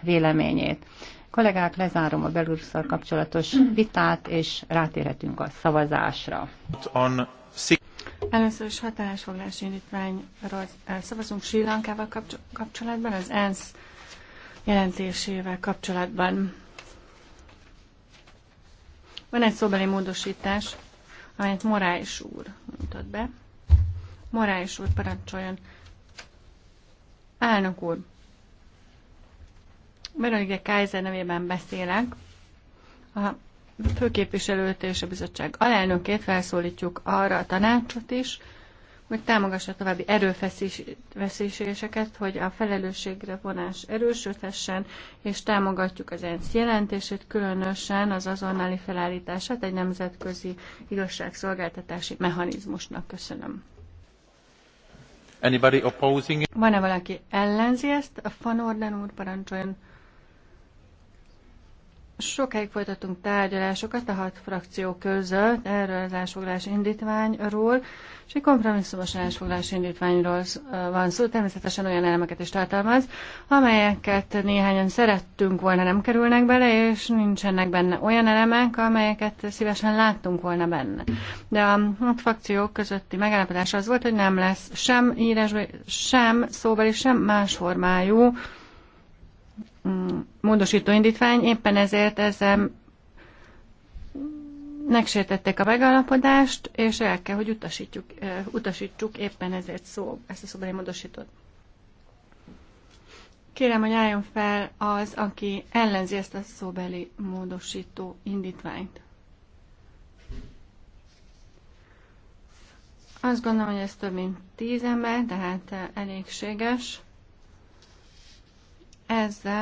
véleményét. Kollégák, lezárom a belülszal kapcsolatos vitát, és rátérhetünk a szavazásra. Először is határásfoglási indítványról szavazunk Sri Lankával kapcsolatban, az ENSZ jelentésével kapcsolatban. Van egy szóbeli módosítás, amelyet Morális úr mutat be. Morális úr parancsoljon. Elnök úr, Veronika Kaiser nevében beszélek. A főképviselőt és a bizottság alelnökét felszólítjuk arra a tanácsot is, hogy támogassa további erőfeszítéseket, hogy a felelősségre vonás erősödhessen, és támogatjuk az ENSZ jelentését, különösen az azonnali felállítását egy nemzetközi igazságszolgáltatási mechanizmusnak. Köszönöm. Anybody opposing? Van-e valaki ellenzi ezt? A Fanorden úr parancsoljon. Sokáig folytattunk tárgyalásokat a hat frakció között erről az elsfoglalás indítványról, és egy kompromisszumos elsfoglalás indítványról van szó. Természetesen olyan elemeket is tartalmaz, amelyeket néhányan szerettünk volna nem kerülnek bele, és nincsenek benne olyan elemek, amelyeket szívesen láttunk volna benne. De a hat frakciók közötti megállapodás az volt, hogy nem lesz sem írásbeli, sem szóbeli, sem más formájú mm, módosító indítvány, éppen ezért ezzel megsértették a megállapodást, és el kell, hogy utasítjuk, utasítsuk éppen ezért szó, ezt a szobrai módosítót. Kérem, hogy álljon fel az, aki ellenzi ezt a szóbeli módosító indítványt. Azt gondolom, hogy ez több mint tíz ember, tehát elégséges. Ezzel